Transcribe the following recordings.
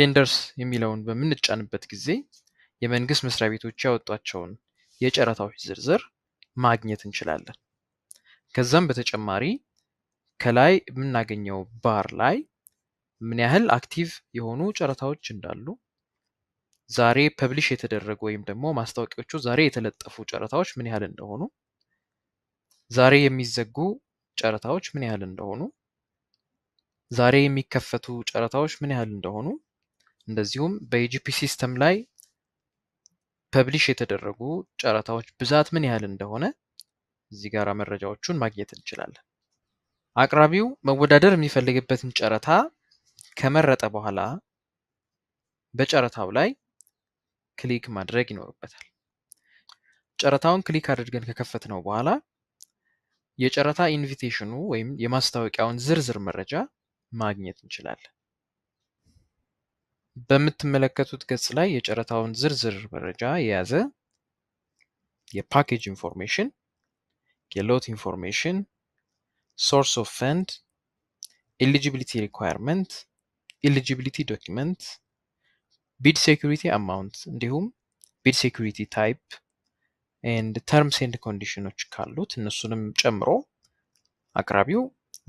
ቴንደርስ የሚለውን በምንጫንበት ጊዜ የመንግስት መስሪያ ቤቶች ያወጧቸውን የጨረታዎች ዝርዝር ማግኘት እንችላለን። ከዛም በተጨማሪ ከላይ የምናገኘው ባር ላይ ምን ያህል አክቲቭ የሆኑ ጨረታዎች እንዳሉ ዛሬ ፐብሊሽ የተደረጉ ወይም ደግሞ ማስታወቂያዎቹ ዛሬ የተለጠፉ ጨረታዎች ምን ያህል እንደሆኑ፣ ዛሬ የሚዘጉ ጨረታዎች ምን ያህል እንደሆኑ፣ ዛሬ የሚከፈቱ ጨረታዎች ምን ያህል እንደሆኑ እንደዚሁም በኢጂፒ ሲስተም ላይ ፐብሊሽ የተደረጉ ጨረታዎች ብዛት ምን ያህል እንደሆነ እዚህ ጋር መረጃዎቹን ማግኘት እንችላለን። አቅራቢው መወዳደር የሚፈልግበትን ጨረታ ከመረጠ በኋላ በጨረታው ላይ ክሊክ ማድረግ ይኖርበታል። ጨረታውን ክሊክ አድርገን ከከፈት ነው በኋላ የጨረታ ኢንቪቴሽኑ ወይም የማስታወቂያውን ዝርዝር መረጃ ማግኘት እንችላለን። በምትመለከቱት ገጽ ላይ የጨረታውን ዝርዝር መረጃ የያዘ የፓኬጅ ኢንፎርሜሽን፣ የሎት ኢንፎርሜሽን፣ ሶርስ ኦፍ ፈንድ፣ ኤሊጂቢሊቲ ሪኳርመንት ኤሊጂቢሊቲ ዶኪመንት፣ ቢድ ሴኩሪቲ አማውንት እንዲሁም ቢድ ሴኩሪቲ ታይፕ ኤንድ ተርምስ ኤንድ ኮንዲሽኖች ካሉት እነሱንም ጨምሮ አቅራቢው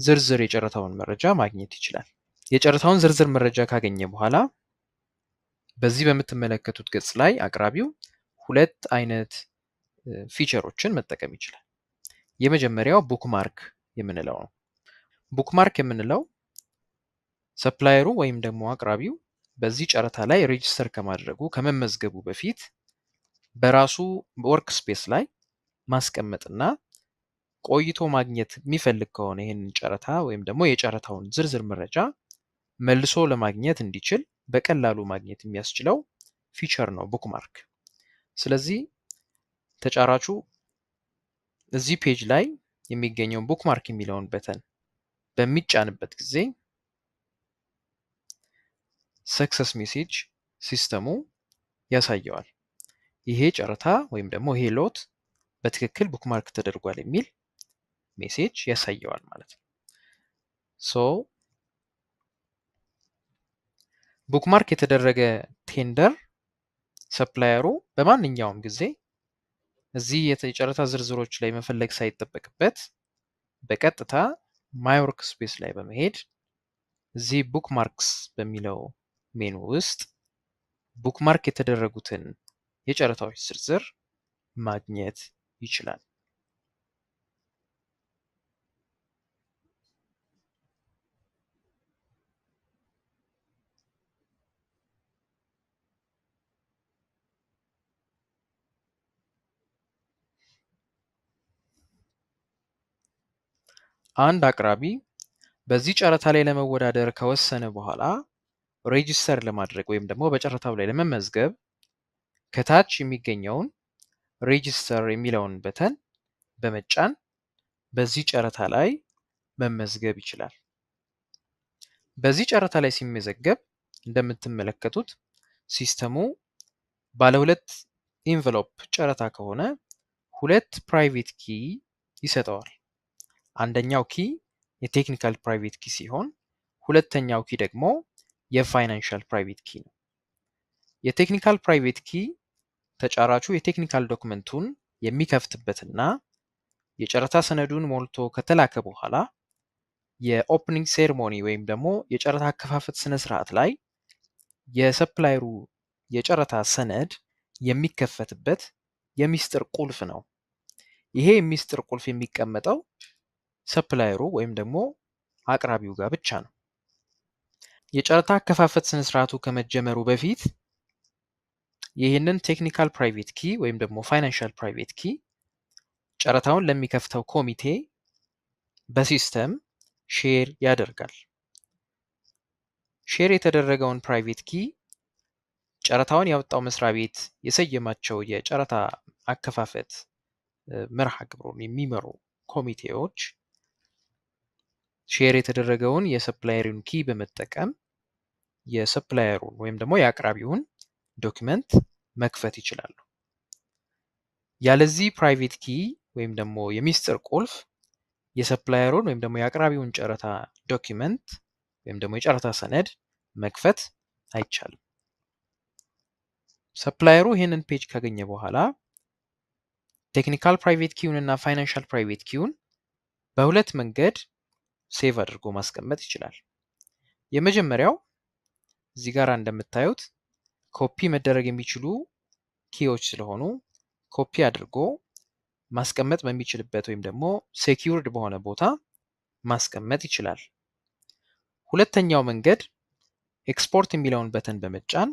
ዝርዝር የጨረታውን መረጃ ማግኘት ይችላል። የጨረታውን ዝርዝር መረጃ ካገኘ በኋላ በዚህ በምትመለከቱት ገጽ ላይ አቅራቢው ሁለት አይነት ፊቸሮችን መጠቀም ይችላል። የመጀመሪያው ቡክማርክ የምንለው ነው። ቡክማርክ የምንለው ሰፕላየሩ ወይም ደግሞ አቅራቢው በዚህ ጨረታ ላይ ሬጅስተር ከማድረጉ ከመመዝገቡ በፊት በራሱ ወርክ ስፔስ ላይ ማስቀመጥና ቆይቶ ማግኘት የሚፈልግ ከሆነ ይህንን ጨረታ ወይም ደግሞ የጨረታውን ዝርዝር መረጃ መልሶ ለማግኘት እንዲችል በቀላሉ ማግኘት የሚያስችለው ፊቸር ነው ቡክማርክ። ስለዚህ ተጫራቹ እዚህ ፔጅ ላይ የሚገኘውን ቡክማርክ የሚለውን በተን በሚጫንበት ጊዜ ሰክሰስ ሜሴጅ ሲስተሙ ያሳየዋል። ይሄ ጨረታ ወይም ደግሞ ይሄ ሎት በትክክል ቡክማርክ ተደርጓል የሚል ሜሴጅ ያሳየዋል ማለት ነው። ቡክማርክ የተደረገ ቴንደር ሰፕላየሩ በማንኛውም ጊዜ እዚህ የጨረታ ዝርዝሮች ላይ መፈለግ ሳይጠበቅበት በቀጥታ ማይወርክ ስፔስ ላይ በመሄድ እዚህ ቡክማርክስ በሚለው ሜኑ ውስጥ ቡክማርክ የተደረጉትን የጨረታዎች ዝርዝር ማግኘት ይችላል። አንድ አቅራቢ በዚህ ጨረታ ላይ ለመወዳደር ከወሰነ በኋላ ሬጅስተር ለማድረግ ወይም ደግሞ በጨረታው ላይ ለመመዝገብ ከታች የሚገኘውን ሬጅስተር የሚለውን በተን በመጫን በዚህ ጨረታ ላይ መመዝገብ ይችላል። በዚህ ጨረታ ላይ ሲመዘገብ እንደምትመለከቱት ሲስተሙ ባለሁለት ኢንቨሎፕ ጨረታ ከሆነ ሁለት ፕራይቬት ኪ ይሰጠዋል። አንደኛው ኪ የቴክኒካል ፕራይቬት ኪ ሲሆን ሁለተኛው ኪ ደግሞ የፋይናንሻል ፕራይቬት ኪ ነው። የቴክኒካል ፕራይቬት ኪ ተጫራቹ የቴክኒካል ዶክመንቱን የሚከፍትበትና የጨረታ ሰነዱን ሞልቶ ከተላከ በኋላ የኦፕኒንግ ሴርሞኒ ወይም ደግሞ የጨረታ አከፋፈት ስነ ስርዓት ላይ የሰፕላይሩ የጨረታ ሰነድ የሚከፈትበት የሚስጥር ቁልፍ ነው። ይሄ የሚስጥር ቁልፍ የሚቀመጠው ሰፕላየሩ ወይም ደግሞ አቅራቢው ጋር ብቻ ነው። የጨረታ አከፋፈት ስነስርዓቱ ከመጀመሩ በፊት ይህንን ቴክኒካል ፕራይቬት ኪ ወይም ደግሞ ፋይናንሻል ፕራይቬት ኪ ጨረታውን ለሚከፍተው ኮሚቴ በሲስተም ሼር ያደርጋል። ሼር የተደረገውን ፕራይቬት ኪ ጨረታውን ያወጣው መስሪያ ቤት የሰየማቸው የጨረታ አከፋፈት መርሃ ግብሩን የሚመሩ ኮሚቴዎች ሼር የተደረገውን የሰፕላየሩን ኪ በመጠቀም የሰፕላየሩን ወይም ደግሞ የአቅራቢውን ዶክመንት መክፈት ይችላሉ። ያለዚህ ፕራይቬት ኪ ወይም ደግሞ የሚስጥር ቁልፍ የሰፕላየሩን ወይም ደግሞ የአቅራቢውን ጨረታ ዶክመንት ወይም ደግሞ የጨረታ ሰነድ መክፈት አይቻልም። ሰፕላየሩ ይህንን ፔጅ ካገኘ በኋላ ቴክኒካል ፕራይቬት ኪውን እና ፋይናንሻል ፕራይቬት ኪውን በሁለት መንገድ ሴቭ አድርጎ ማስቀመጥ ይችላል። የመጀመሪያው እዚህ ጋር እንደምታዩት ኮፒ መደረግ የሚችሉ ኪዎች ስለሆኑ ኮፒ አድርጎ ማስቀመጥ በሚችልበት ወይም ደግሞ ሴኪውርድ በሆነ ቦታ ማስቀመጥ ይችላል። ሁለተኛው መንገድ ኤክስፖርት የሚለውን በተን በመጫን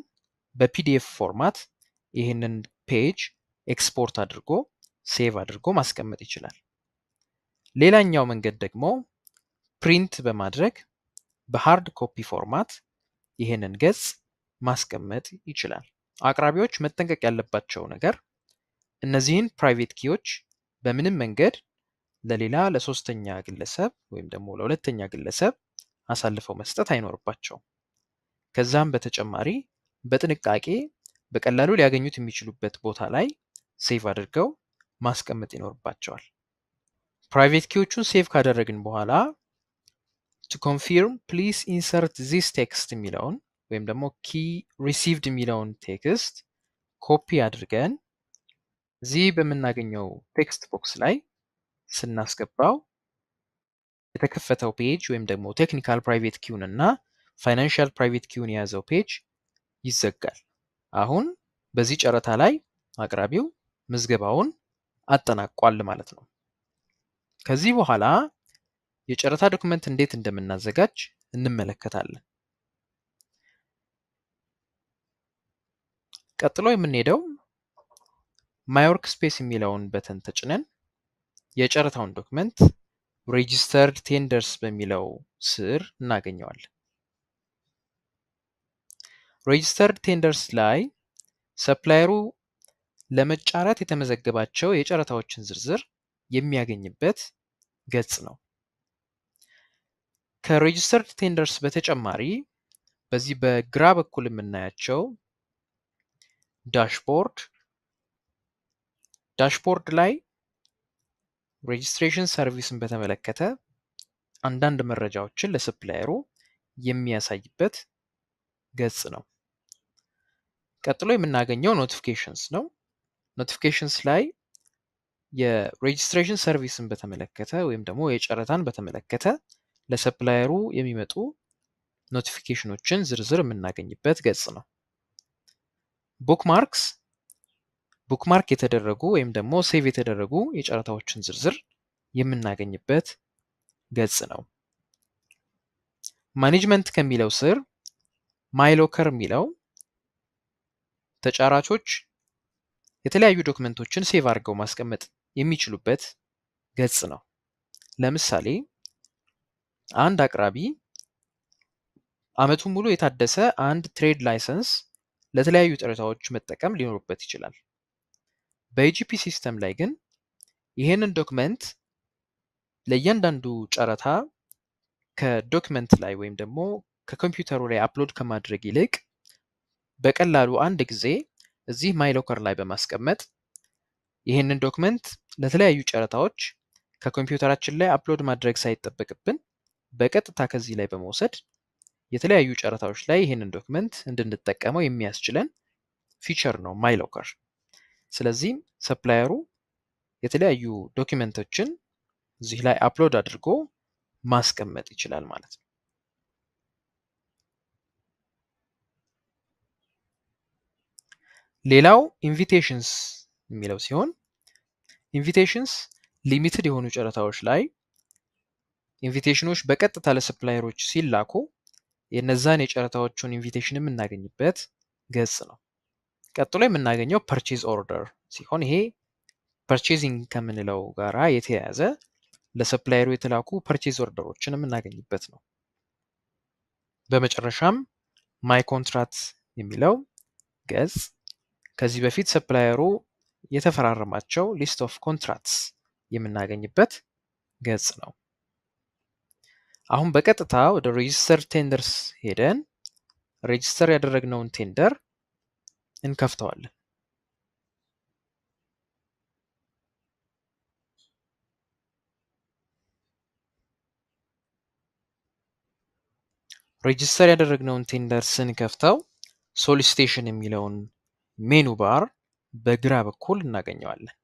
በፒዲኤፍ ፎርማት ይህንን ፔጅ ኤክስፖርት አድርጎ ሴቭ አድርጎ ማስቀመጥ ይችላል። ሌላኛው መንገድ ደግሞ ፕሪንት በማድረግ በሃርድ ኮፒ ፎርማት ይህንን ገጽ ማስቀመጥ ይችላል። አቅራቢዎች መጠንቀቅ ያለባቸው ነገር እነዚህን ፕራይቬት ኪዎች በምንም መንገድ ለሌላ ለሶስተኛ ግለሰብ ወይም ደግሞ ለሁለተኛ ግለሰብ አሳልፈው መስጠት አይኖርባቸውም። ከዛም በተጨማሪ በጥንቃቄ በቀላሉ ሊያገኙት የሚችሉበት ቦታ ላይ ሴቭ አድርገው ማስቀመጥ ይኖርባቸዋል። ፕራይቬት ኪዎቹን ሴቭ ካደረግን በኋላ ቱ ኮንፊርም ፕሊስ ኢንሰርት ዚስ ቴክስት የሚለውን ወይም ደግሞ ኪ ሪሲቭድ የሚለውን ቴክስት ኮፒ አድርገን እዚህ በምናገኘው ቴክስት ቦክስ ላይ ስናስገባው የተከፈተው ፔጅ ወይም ደግሞ ቴክኒካል ፕራይቬት ኪውን እና ፋይናንሻል ፕራይቬት ኪውን የያዘው ፔጅ ይዘጋል። አሁን በዚህ ጨረታ ላይ አቅራቢው ምዝገባውን አጠናቋል ማለት ነው። ከዚህ በኋላ የጨረታ ዶክመንት እንዴት እንደምናዘጋጅ እንመለከታለን። ቀጥሎ የምንሄደው ማይወርክ ስፔስ የሚለውን በተን ተጭነን የጨረታውን ዶክመንት ሬጂስተርድ ቴንደርስ በሚለው ስር እናገኘዋለን። ሬጅስተርድ ቴንደርስ ላይ ሰፕላየሩ ለመጫረት የተመዘገባቸው የጨረታዎችን ዝርዝር የሚያገኝበት ገጽ ነው። ከሬጅስተርድ ቴንደርስ በተጨማሪ በዚህ በግራ በኩል የምናያቸው ዳሽቦርድ ዳሽቦርድ ላይ ሬጅስትሬሽን ሰርቪስን በተመለከተ አንዳንድ መረጃዎችን ለሰፕላየሩ የሚያሳይበት ገጽ ነው። ቀጥሎ የምናገኘው ኖቲፊኬሽንስ ነው። ኖቲፊኬሽንስ ላይ የሬጅስትሬሽን ሰርቪስን በተመለከተ ወይም ደግሞ የጨረታን በተመለከተ ለሰፕላየሩ የሚመጡ ኖቲፊኬሽኖችን ዝርዝር የምናገኝበት ገጽ ነው። ቡክማርክስ ቡክማርክ የተደረጉ ወይም ደግሞ ሴቭ የተደረጉ የጨረታዎችን ዝርዝር የምናገኝበት ገጽ ነው። ማኔጅመንት ከሚለው ስር ማይሎከር የሚለው ተጫራቾች የተለያዩ ዶክመንቶችን ሴቭ አድርገው ማስቀመጥ የሚችሉበት ገጽ ነው። ለምሳሌ አንድ አቅራቢ አመቱን ሙሉ የታደሰ አንድ ትሬድ ላይሰንስ ለተለያዩ ጥረታዎች መጠቀም ሊኖርበት ይችላል። በኢጂፒ ሲስተም ላይ ግን ይህንን ዶክመንት ለእያንዳንዱ ጨረታ ከዶክመንት ላይ ወይም ደግሞ ከኮምፒውተሩ ላይ አፕሎድ ከማድረግ ይልቅ በቀላሉ አንድ ጊዜ እዚህ ማይሎከር ላይ በማስቀመጥ ይህንን ዶክመንት ለተለያዩ ጨረታዎች ከኮምፒውተራችን ላይ አፕሎድ ማድረግ ሳይጠበቅብን በቀጥታ ከዚህ ላይ በመውሰድ የተለያዩ ጨረታዎች ላይ ይህንን ዶክመንት እንድንጠቀመው የሚያስችለን ፊቸር ነው ማይሎከር። ስለዚህም ሰፕላየሩ የተለያዩ ዶክመንቶችን እዚህ ላይ አፕሎድ አድርጎ ማስቀመጥ ይችላል ማለት ነው። ሌላው ኢንቪቴሽንስ የሚለው ሲሆን ኢንቪቴሽንስ ሊሚትድ የሆኑ ጨረታዎች ላይ ኢንቪቴሽኖች በቀጥታ ለሰፕላየሮች ሲላኩ የነዛን የጨረታዎቹን ኢንቪቴሽን የምናገኝበት ገጽ ነው። ቀጥሎ የምናገኘው ፐርቼዝ ኦርደር ሲሆን ይሄ ፐርቼዚንግ ከምንለው ጋራ የተያያዘ ለሰፕላየሩ የተላኩ ፐርቼዝ ኦርደሮችን የምናገኝበት ነው። በመጨረሻም ማይ ኮንትራት የሚለው ገጽ ከዚህ በፊት ሰፕላየሩ የተፈራረማቸው ሊስት ኦፍ ኮንትራክትስ የምናገኝበት ገጽ ነው። አሁን በቀጥታ ወደ ሬጅስተር ቴንደርስ ሄደን ሬጅስተር ያደረግነውን ቴንደር እንከፍተዋለን። ሬጅስተር ያደረግነውን ቴንደር ስንከፍተው ሶሊሲቴሽን የሚለውን ሜኑ ባር በግራ በኩል እናገኘዋለን።